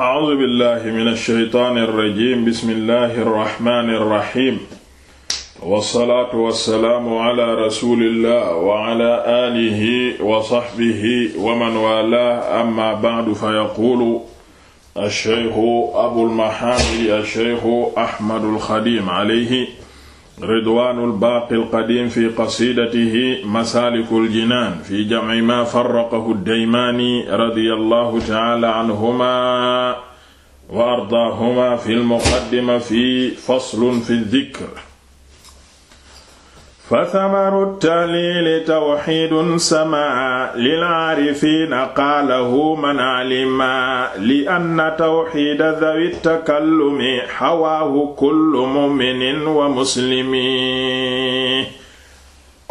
a'uuzu billahi mina shaytaani rajiim bismillahi rahmaani rahiim wasalaatu wasalaamu ala rasulillah wa ala aalihi wa saxbihi wa man waalaahu amma ba'du fa yaquulu ash-shaykhu abul mahaamid ash-shaykhu ahmadul xadiim alayhi ridwaanul baaqil qadiim fi qasiidatihi masaalikul jinaan fi jamci maa farraqahu daymaani radiyallahu ta'aala anhumaa wa ardaahumaa fil muqaddima fi faslun fi dikr fa samaru taliili tawxiidun sama lil aarifiina qaalahu man alima li anna tawxiida dawi takallumi xawaahu kullu muminin wa muslimi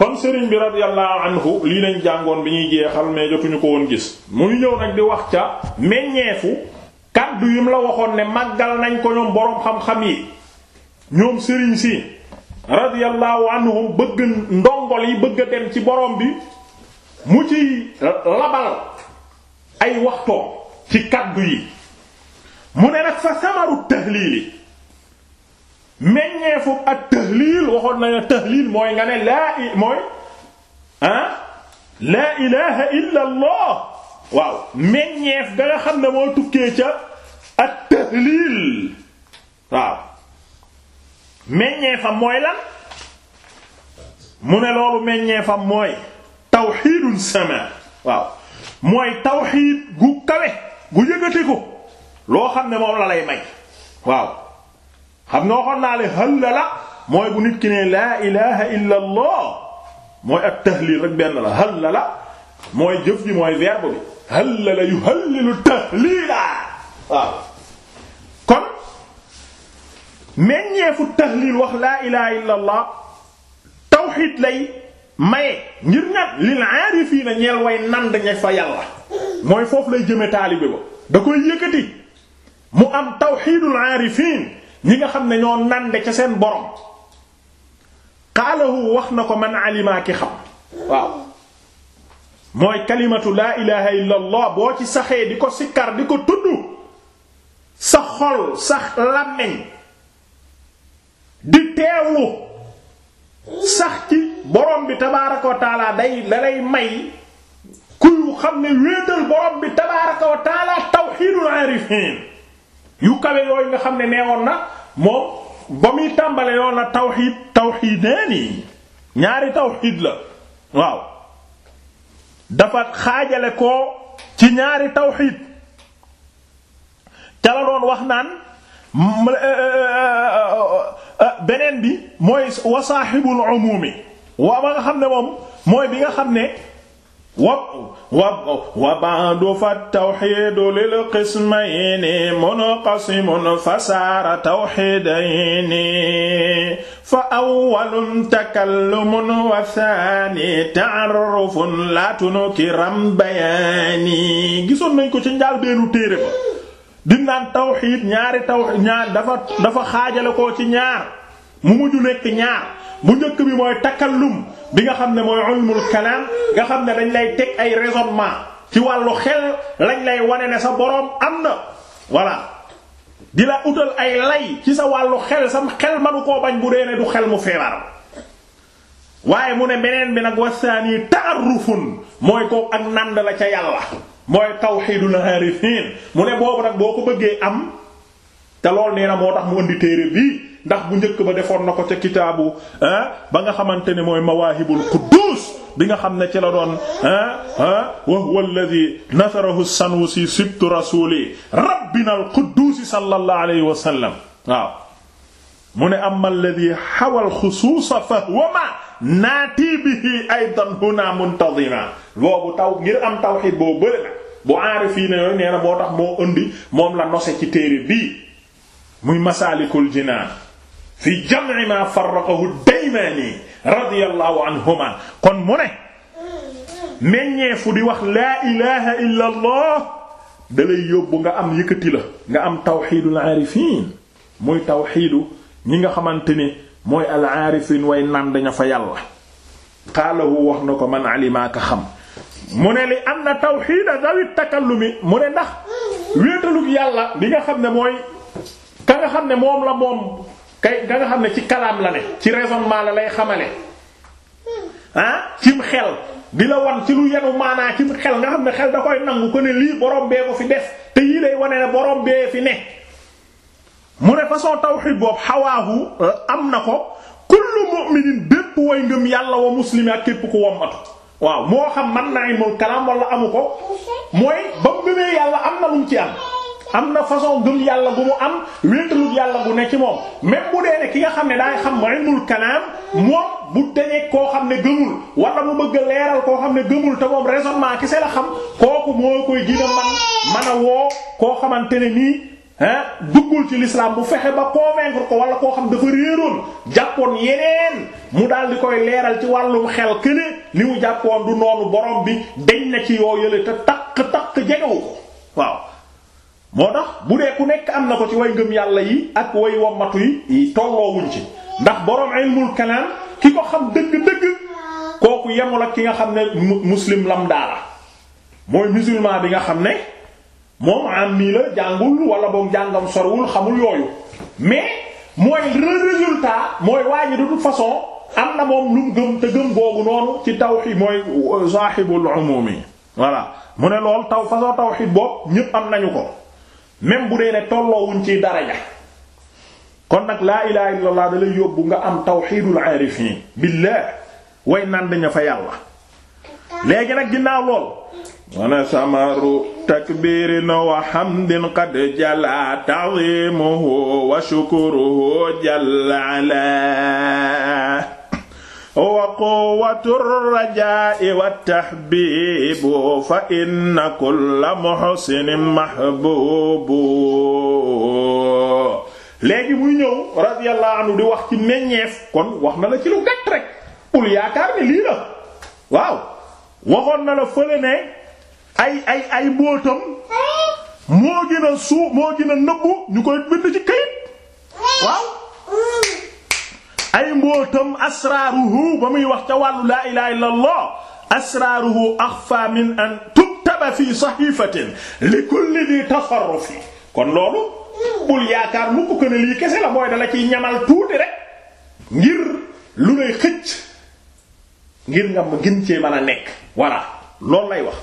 kon sëriñ bi radiyallahu anhu lii lañ jàngoon bi ñuy jeexal mais jotuñu ko woon gis muy ñëw nag di wax ca meññeefu kàddu yim la waxoon ne màggal nañ ko ñoom boroom xam-xam yi ñoom sëriñ si radiyallahu anhu bëgg ndongol yi bëgg dem ci borom bi mu ci labal ay waxtoo ci kaddu yi mu ne nag fa samaru tahliili meññee foofu ak tahlil waxoon nañu tahlil mooy nga ne laa i mooy ah, laa ilaha illa waaw meññeef da nga xam ne moo tukkee ca ak tahlil waaw meññeefam mooy lan mu ne loolu meññeefam mooy tawxiidun sama waaw mooy tawxiid gu kawe gu yëgate ko loo xam ne moom la lay may waaw xam nga waxoon naa le hëlla la mooy bu nit ki ne laa ilaha illa allah mooy ak tahlil rek benn la hëlla la mooy jëf ji mooy verbe bi hëlla la yu hëllilu tahlila waaw meññeefu tahlil wax laa ilaha illa allah tawxid lay maye ngir ñan lil aarifiina ñeel way nand ña fa yàlla mooy foofu lay jëme taalibe ba da koy yëkkati mu am tawxidul aarifiin ñi nga xam ne ñoo nande ca seen borom qaalahu wax na ko man alimaa ki xam waaw mooy kalimatu laa ilaha illa allah boo ci saxee di ko sikkar di ko tudd sa xol sa làmmiñ teewlu sax ci borom bi tabaaraka wa day la lay may kuy xam ne wéetal borom bi tabaaraka wa taala tawxiidul aarifiin yu kawe yooyu nga xam ne neewoon na moom ba muy tàmbale yoon na tawxiid tawxiidaani ñaari tawxiid la waaw dafa xaajale ko ci ñaari tawxiid ca la doon wax naan Ah, beneen bi mooy wa saaxibul umumi wa ba nga xam ne moom mooy bi nga xam ne wa wa wa ba'du fa tawxiidu lil qismayni munqasimun fa saara tawxiidayni fa awwalun takallumun wa thaani ta'arrufun laa tunukiram bayaani gisoon nañ ko ci njaal beenu téere ba di naan tawxiid ñaari taw ñaar dafa dafa xaajale ko ci ñaar mu mujj nekk ñaar bu njëkk bi mooy takallum bi nga xam ne mooy ulmul kalaam nga xam ne dañ lay teg ay raisonnement ci wàllu xel lañ lay wane ne sa boroom am na voilà di la utal ay lay ci sa wàllu xel sam xel manu koo bañ bu dee ne du xel mu feebar waaye mu ne beneen bi nag wasaani taarufun mooy ko ak nand la ca yàlla mooy tawxiidul aarifiin mu ne boobu nag boo ko bëggee am te lool nee na moo tax mu indi téere bii ndax bu njëkk ba defoon na ko ca kitaabu ba nga xamante ne mooy mawaahibul quddus bi nga xam ne ci la doon wa huwa alladhi nasarahu sanusi sibtu rasuli rabbina al quddusi sallallahu alayhi wa sallam waaw mu ne amma alladhi hawal xusuusa fa huwa ma naati bihi aydan huna muntazima boobu taw ngir am tawhid boobu bëri na bu aarifiina yooyu nee na boo tax moo indi moom la nose ci téere bii muy masaalikul jinaan fi jam'i ma farraqahu daymaani radiyallahu anhuma kon mu ne meññeefu di wax laa ilaha illa allah yóbbu nga am yëkkati la nga am tawxiidul aarifiin muy tawxiidu ñi nga xamante ni mooy al aarifiin way naan daña fa yàlla xaalahu wax na ko man alimaaka xam mu ne li am na tawxiida dawi takallumi mu ne ndax wéetalug yàlla li nga xam ne mooy ka nga xam ne moom la moom kay ka nga xam ne ci kalaam la ne ci raisonnement la lay xamale ah xel di la ci lu yenu maanaa xel nga xam ne xel da koy nangu ko ne lii borom bee ko fi def te yii lay wane ne borom bee fi ne mu ne façon tawxiid boobu xawaahu eh, am na ko kullu mu'minin bépp way ngëm yàlla wa muslimi ak képp ku wommatu waaw moo xam man naa ilmul kalaam wala amu ko mooy ba mu gëmee yàlla am na lu mu ci am am na façon gëm yàlla bu mu am wéetalul yàlla bu ne ci moom même mu dee ne ki nga xam ne daay xam ilmul kalaam moom bu dañee koo xam ne gëmul wala mu bëgg a leeral koo xam ne gëmul te moom raisonnement kese la xam kooku moo koy gën man man a woo koo xamante ne nii ah duggul ci l'islam bu fexe ba convaincre ko wala koo xam dafa réeroon jàppoon yeneen mu daal di koy ci wàllum li mu jàppoon du noonu borom bi deñ na ci yoo yële te takk takk jegewu ko waaw moo tax bu dee ku nekk am na ko ci way ngëm yàlla yi ak way wommatu yi tolloowuñ ci ndax borom ilmul kalam ki ko xam dëgg-dëgg kooku yemul ak ki nga xam ne muslim lam daala mooy musulman bi nga xam ne moom am nii la jàngul wala boog jàngam sorwul xamul yooyu mais mooy résultat mooy waa ji de toute façon am na moom lu gëm te gëm googu noonu ci tawhid mooy euh, sahibul umumi voilà mu ne lool taw façon tawhid boobu ñépp am nañu ko même bu dee ne tolloowuñ ci daraja kon nag laa ilaha illallah da yóbbu nga am tawhidul arifin billah way naan dañu fa yàlla léegi nag ginnaaw lool wana samaru takbirin wa hamdin qad jalla ta'zimuhu wa shukruhu jalla ala wa quwwatu rajaa'i wa tahbiibu fa inna kulla muhsinin mahbuubu léegi muy ñëw radiyallahu anhu di wax ci meññeef kon wax na la ci lu gàtt rek bul yaakaar ne lii la waaw waxoon na la fële ne ay ay ay bootam moo gën a moo gën nëbbu ñu koy bind ci kayit waaw ay mbootam asraaruhu ba muy wax ca wàllu laa ilaha illa allah asraaruhu axfa min an tuktaba fi sahifatin li kulli di tasarrufi kon loolu bul yaakaar mu ko ne lii kese la mooy dala ciy ñamal tuuti rek ngir lu lay xëcc ngir nga gën cee mën a nekk voilà loolu lay wax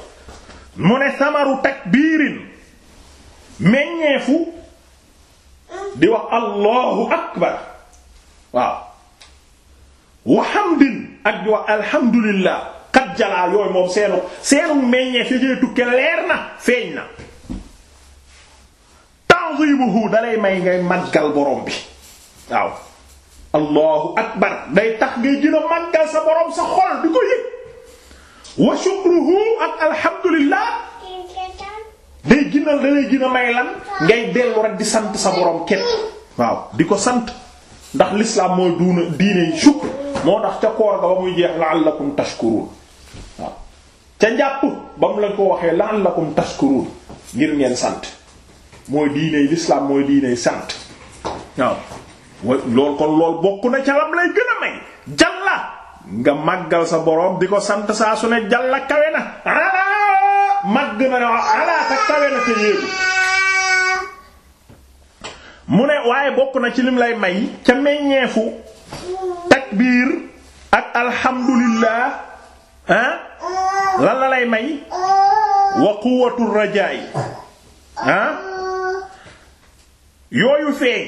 mu ne samaru takbiirin meññeefu di wax allahu akbar waaw wa hamdin ak wa alhamdulillah kat jalaa yooyu moom seenu seenu meññeef ya cee tukke leer na feeñ na ta'zimuhu dalay may ngay màggal borom bi waaw allahu akbar day tax ngay gën a sa borom sa xol di ko yëg day ginal sant sa borom ket waaw di ko sant ndax l'islam mooy duuna diine shukr moo tax ca koor ga ba muy jeex la'allakum tashkurun waaw ca njàpp ba mu la ko waxee la'allakum tashkurun ngir ngeen sant mooy diiney l'islam mooy diiney sant waaw lool kon lool bokk na ca lam lay gën a may jalla nga màggal sa boroom di ko sant saa su ne jalla kawe na màgg na ne alaata kawe na te yéegu mu ne waaye bokk na ci lim lay may ca meññeefu takbiir ak alhamdulillah ah lan la lay may wa quwwatu rajaa'i yooyu feeñ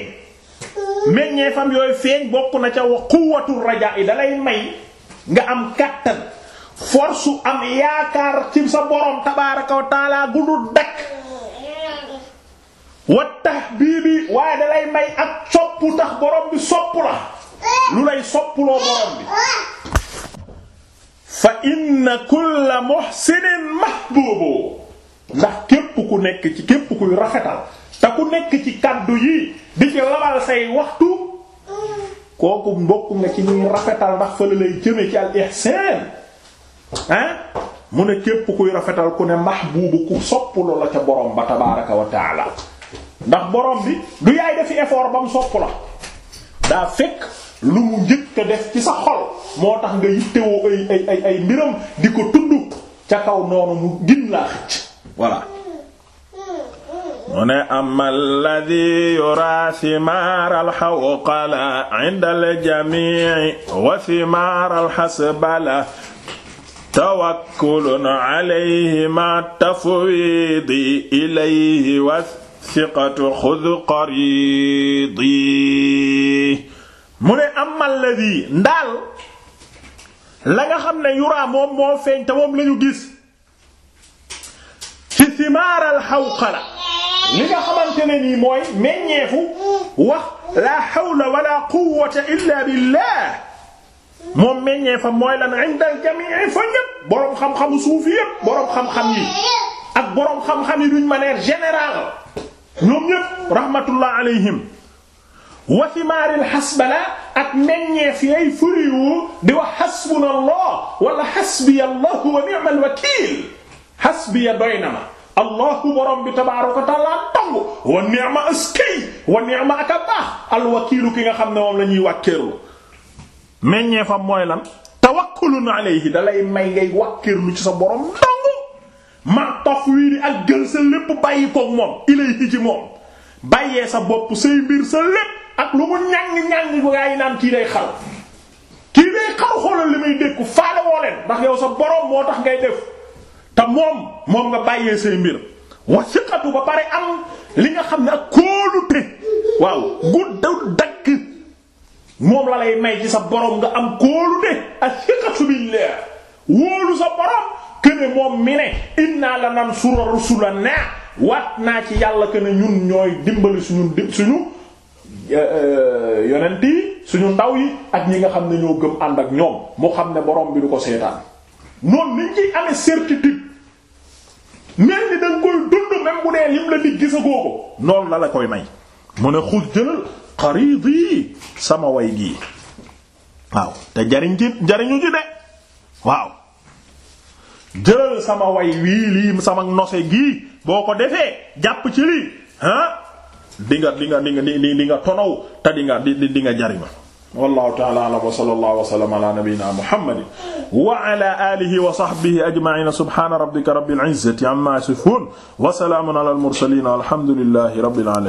meññee fam yooyu feeñ bokk na ca wa quwwatu rajaa'i dalay may nga am kàttan force am yaakaar ci sa borom tabaaraka wa taala gudul dakk wa tahbiibi waaye dalay may ak soppu tax borom bi sopp la lu lay soppuloo borom bi fa inna kulla muhsinin mahbubu ndax képp ku nekk ci képp kuy rafetal te ku nekk ci kàddu yi di ci labal say waxtu kooku mbokk nga ci ñuy rafetal ndax fële lay jëme ci al ihsan ah mu ne képp kuy rafetal ku ne mahbubu ku soppuloo la ca borom ba tabaaraka wa ndax borom bi du yaay defi effort ba sopp la daa fekk lu mu njëkk a def ci sa xol moo tax nga yittewoo ay ay ay ay mbiram di ko tudd ca kaw noonu mu gin laa xëcc voilà mu ne ama alladi yura simaar alxawqala inda aljamii wa simaar alxasbala tawakkulun alayhi ma tafwidi ilayhi wa siqatu xud qaridi mu ne amal la di ndaal la nga xam ne yuraa moom moo feeñ te moom lañu gis ci simaaral xawqala li nga xamante ne nii mooy meññeefu wax la hawla wala quwwata illa billah moom meññeefam mooy lan indal jamii fa ñépp boroom xam-xamu suuf xam-xam yi ak boroom xam-xam yi d'une manière générale ñoom ñépp rahmatullah alayhim wa thimaaril hasbala ak meññeef yay furiwu di wax hasbunallah wala hasbiyallahu wa ni'mal wakiil hasbiya doy na ma allahu borom bi tabaaraka wa ta'aala tong wa ni'ma askay wa ni'ma ak a baax ki nga xam ne moom lañuy ñuy wàkkeerlu meññeefam mooy lan tawakkulun alayhi dalay may ngay wàkkeerlu ci sa borom dong ma tafwiiri ak jël sa lépp bàyyi koog moom ilayhi ci moom bàyyee sa bopp say mbir sa lépp ak lu mu ñàng-ñàng bu naan kii day xaru kii day xaru xoolal li muy dékku faale woo leen ndax yow sa boroom moo tax ngay def te moom moom nga bàyyee say mbir wasiqatu ba pare am li nga xam ne ak kóolute waaw guddal dakk moom la lay may ci sa boroom nga am kóolute asiqatu billah wóolu sa boroom kene moom mi ne inna la nansuru rusulana waat naa ci yàlla kene ñun ñooy dimbali suñu suñu Eh, yonent yi suñu ndaw yi ak ñi nga xam ne ñoo gëm ànd ak ñoom mu xam ne borom bi du ko seetaan noonu niñ ciy amee certitude mel ni danga koy dund même bu dee lim la di gisagoo ko noonu la la koy may mu ne xus jëlal xarid yi sama way gii waaw te jariñ ci jariñu ci de waaw jëlal sama way wii lii sama nose gii boo ko defee jàpp ci lii ah di nga di nga di nga di nga tonaw te di nga di di nga jariñu wallahu ta'ala a'lam wa sallallahu wa sallama ala nabiyyina muhammadin wa ala alihi wa sahbihi ajma'in subhana rabbika rabbil izzati amma yasifun wa salamun ala al mursalin walhamdulillahi rabbil alamin